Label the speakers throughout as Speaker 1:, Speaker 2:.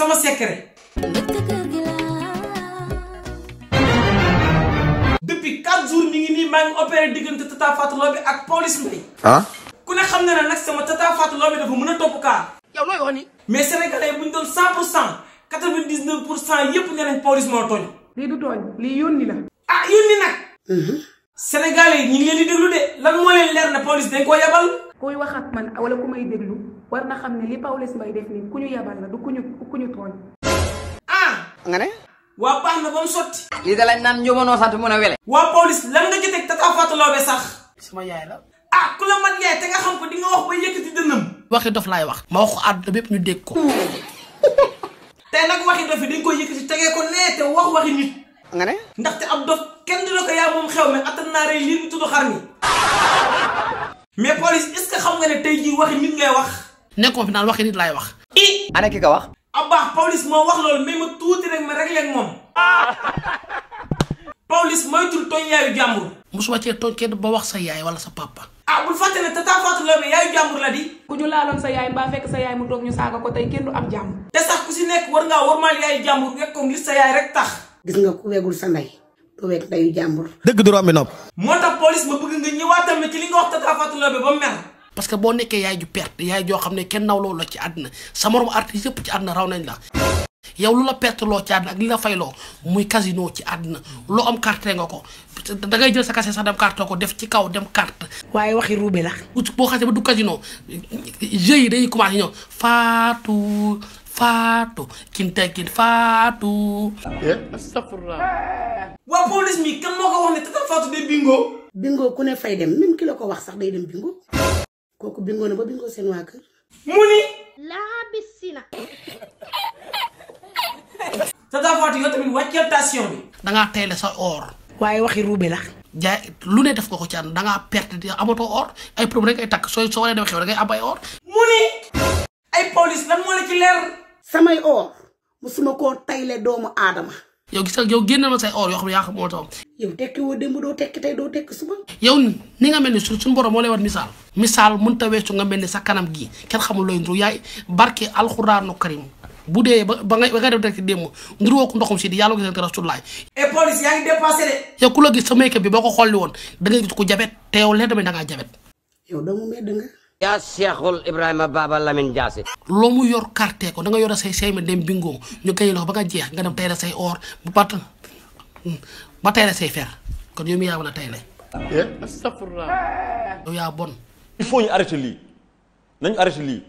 Speaker 1: sama secret depuis 4 jours mi ngi ni ma ngi opéré tata fatou lobby ak police mbay ah ku ne xam na sama tata fatou lobby dafa mën a topp yow looy wax ni mais sénégalais doon 100 99 yépp police ah mhm. sénégalais ñi ngi leen de lan moo leen leer na police dañ
Speaker 2: koy wax ak man wala ku may deglu war na xamne li Pawlish may def ni kuñu yabal la du kuñu kuñu togn
Speaker 1: ah nga ne wa baax na bam soti
Speaker 2: li da lañ ñoomo no sant mun a nga tek tata Fatou Lobé sax sama yaay la
Speaker 1: ah ku man yaay te nga xam ko di nga wax ba yëkëti dënnam
Speaker 2: waxi dof lay wax ma wax add àdduna ñu dégg ko
Speaker 1: tey nak waxi dof di dañ koy yëkkati tegee ko né te wax waxi nit nga ne ndaxte ab dof kenn ko ya mom xew me atana li mu mais police est ce que xam nga ne tay ji waxi nit lay wax.
Speaker 2: ne ko final waxi nit lay wax. i ana ki ko wax.
Speaker 1: abba police mo wax lol mais ma rek ma réglé ak moom.
Speaker 2: police moytul tooñ yaayu jàmbur. musuma wacce tooñ kenn ba wax sa yaay wala sa papa.
Speaker 1: ah bu fatene ne tata Fatou Laobé yaay jambour la di.
Speaker 2: ku ñu laalon sa yaay ba fekk sa yaay mu toog ñu saga ko tay kenn du am jamm
Speaker 1: te sax ku ci nek war ngaa yaay jambour nek ko ngir sa yaay rek tax.
Speaker 2: gis nga ku wegul sa nday doo wekk dayu jàmbur. dëgg du rombi nopp.
Speaker 1: moo tax police ma bëgg nga ñëwaat tamit ci li nga wax Tata Fatou Laobé ba mel.
Speaker 2: parce boo nekkee yaay ju perte yaay joo xam ne kenn nawloo la ci àddina sa moromu artiste yëpp ci àddina raw nañ la. yow lu la perte loo ci àddina ak li la fayloo muy casino ci àddina loo am carte nga ko da ngay jël sa kase sax dem carte ko def ci kaw dem carte. waaye waxi ruube la. boo xasee ba du casino jeu yi dañuy commencé ñëw Fatou. fatu kinte kin faatu ya, astaghfirullah wa police mi kan moko ko wax tata fatu de bingo bingo ku ne fay dem même ki la wax sax
Speaker 1: day dem bingo
Speaker 2: Koku bingo na ba bingo sen wa keur muni la bisina
Speaker 1: tata fatu yo tamit wàcceel station
Speaker 2: bi nga tayle sa or waye waxi ruube la ja lu ne def ko ko ci da nga perte di amatoo or ay problème rek ay takk sooy soo dem xew da ngay ay or mu ay police lan mo la ci leer samay or musuma koo tayle doomu aadama. yow gis yow génne ma say or yoo xam ne yaa xam moo taw. yow tekki woo démb doo tekki tey doo tekki suba. yow ni nga mel ni su suñu borom moo lay wan misaal. misaal mënut a weesu nga mel ni sa kanam gii kenn xamul looy ndur yaay barke alxuraanu karim bu dee ba ba nga ba nga def rek démb ndur woo ko ndoxum si di yàlla ko gisante rasulaay. et police yaa ngi dépassé gis sa make-up bi boo ko xolli woon da ngay gis ku jabet te yow leer damay da yow doomu mbedd nga. ya cheikhul ibrahima baba lamine jassi lo mu yor carte ko da nga yor say seyme dem bingo ñu kay la ba nga jeex nga dem tayra say or bu pat hmm, ba tayra say fer kon yomi ya yaa wala tayle eh, astaghfirullah do ya bon
Speaker 1: il faut ñu arrêter li nañ arrêter li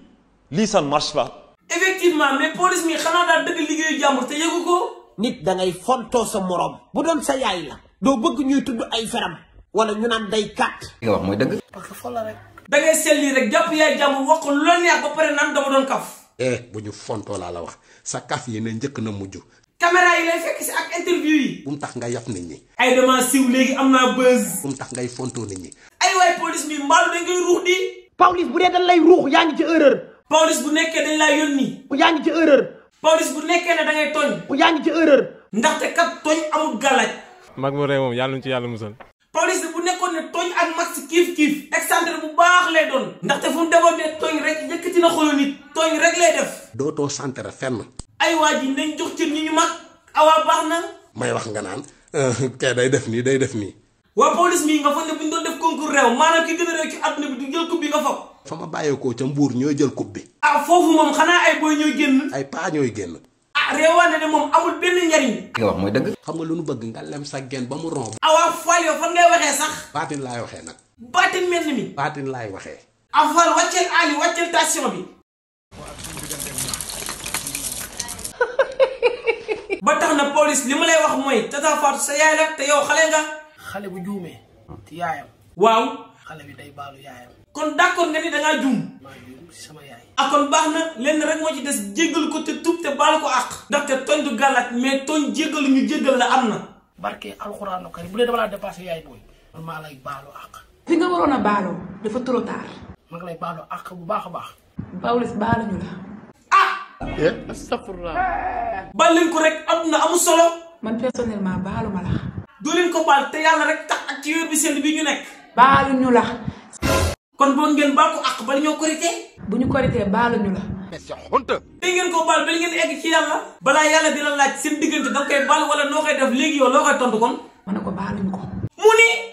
Speaker 1: li ça marche pas effectivement mais police mi xana da deug liggéeyu jambour te yegu ko nit da ngay fonto sa morom bu don sa yaay la do bëgg ñuy tuddu ay feram wala ñu nan day kat nga wax moy deug
Speaker 2: parce que fo la rek
Speaker 1: da ngay selli rek jàpp yaay jàmm wax ko lu neex ba pare naan dama doon kaf.
Speaker 2: eh bu ñu fontoo laa la wax sa kaf yi ne njëkk na mujj.
Speaker 1: caméra yi lay fekk si ak interview yi. bu mu tax nga yaf nit ñi. ay dama siw léegi am naa buzz. bu mu tax ngay fontoo nit ñi. ay waay police bi mbaalu dañ koy ruux di. police bu dee dañ lay ruux yaa ngi ci erreur. police bu nekkee dañ laa yónni. yaa ngi ci erreur. police bu nekkee ne da ngay yaa ngi ci erreur. ndaxte kat tooñ amul gàllaaj. mag mu rey moom yàlla na ci yàlla musal. kiif kiif excentré bu baax lay doon ndaxte fu mu demoon ne tooñ rek na xolu rek lay def.
Speaker 2: dootoo santere fenn.
Speaker 1: ay waa ji nañ jox cër ñi ñu mag awaa baax na.
Speaker 2: may wax nga naan kay day def nii day def nii.
Speaker 1: waa police mii nga foog ne bu ñu doon def concours réew maanaam ki gën a réew ci àdduna bi du jël coupe bi nga foog.
Speaker 2: fa ma bàyyeekoo ca mbuur ñooy jël coupe bi.
Speaker 1: ah foofu moom xanaa ay boy ñooy
Speaker 2: génn. ay paa ñooy génn.
Speaker 1: ah réewaane ne moom amul benn njariñ.
Speaker 2: li wax mooy dëgg. xam nga lu nu bëgg nga lem sa ba mu romb.
Speaker 1: ah waxee nag. baatin mel mi.
Speaker 2: baatin laay waxee.
Speaker 1: afal wàcceel Ali wàcceel station bi. ba tax na police li ma lay wax mooy Tata Fatou sa yaay la te yow xale nga. xale bu juumee. yaayam. waaw.
Speaker 2: bi day baalu yaayam.
Speaker 1: kon d'accord nga ni da ngaa juum. sama yaay. ah baax na lenn rek moo ci des jéggal ko te tub te baal ko àq. ndaxte tooñ du gàllaat mais tooñ jéggalu ñu jéggal la am na.
Speaker 2: barke alxuraanu karim bu dee dama laa dépassé yaay booy. man maa lay baalu àq. fi nga waroon a baaloo dafa trop tard. lay baaloo ak bu baax a baax. Pawlish baaluñu la. ah. Eh, astafurlah. Eh! baal leen ko rek am na amu solo. man personnellement baalu
Speaker 1: ma la. doo leen ko baal te yàlla rek tax ci weer bi sell bi ñu nekk. baaluñu la. kon boo ngeen baal ko àq bal ñoo korité. bu ñu korité baaluñu la. mais ñu honte. tey ngeen ko baal ba ngeen egg ci yàlla. balaa yàlla dina laaj seen diggante da nga koy baal wala noo koy def léegi yow loo koy tontu kon.
Speaker 2: ma ne ko baaluñu ko.
Speaker 1: mu ni.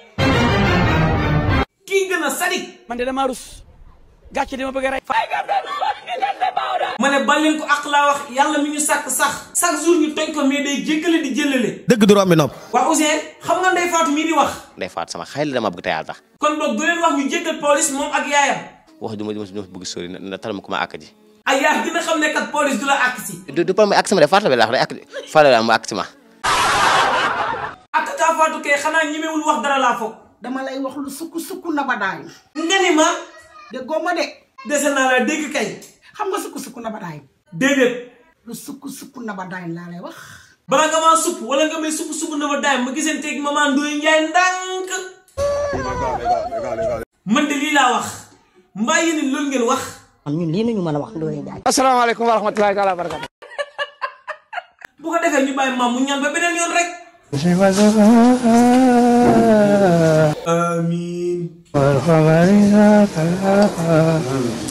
Speaker 1: na sadi man de dama rus gàcce dama bëgg a rey ma ne bal leen ko ak wax yàlla mi ñu sàkk sax chaque jour ñu tooñ ko mais day di du rombi xam nga Fatou di wax Fatou sama xay dama bëgg te tax kon boog du leen wax ñu jéggal police moom ak yaayam wax du ma bëgg sori na tal ma ku ma àkk ji ay kat police du la àkk si du problème àkk si Fatou la wax la ma Fatou wax dara dama lay wax lu sukk sukk na ba daayu nga ni ma déggoo de dese dégg kay xam nga sukk sukk na ba sukk sukk na laa lay wax balaa nga maa supp wala nga may sukk sukk na ba ma giseen teeg maman Ndoye Ndiaye ndànk man de lii laa wax mbaa yéen loolu ngeen wax am ñun lii nañu mën a wax Ndoye Ndiaye asalaamaaleykum wa rahmatulahi taala wa bu ko defee ñu bàyyi maam mu ñaan ba beneen yoon rek I mean, what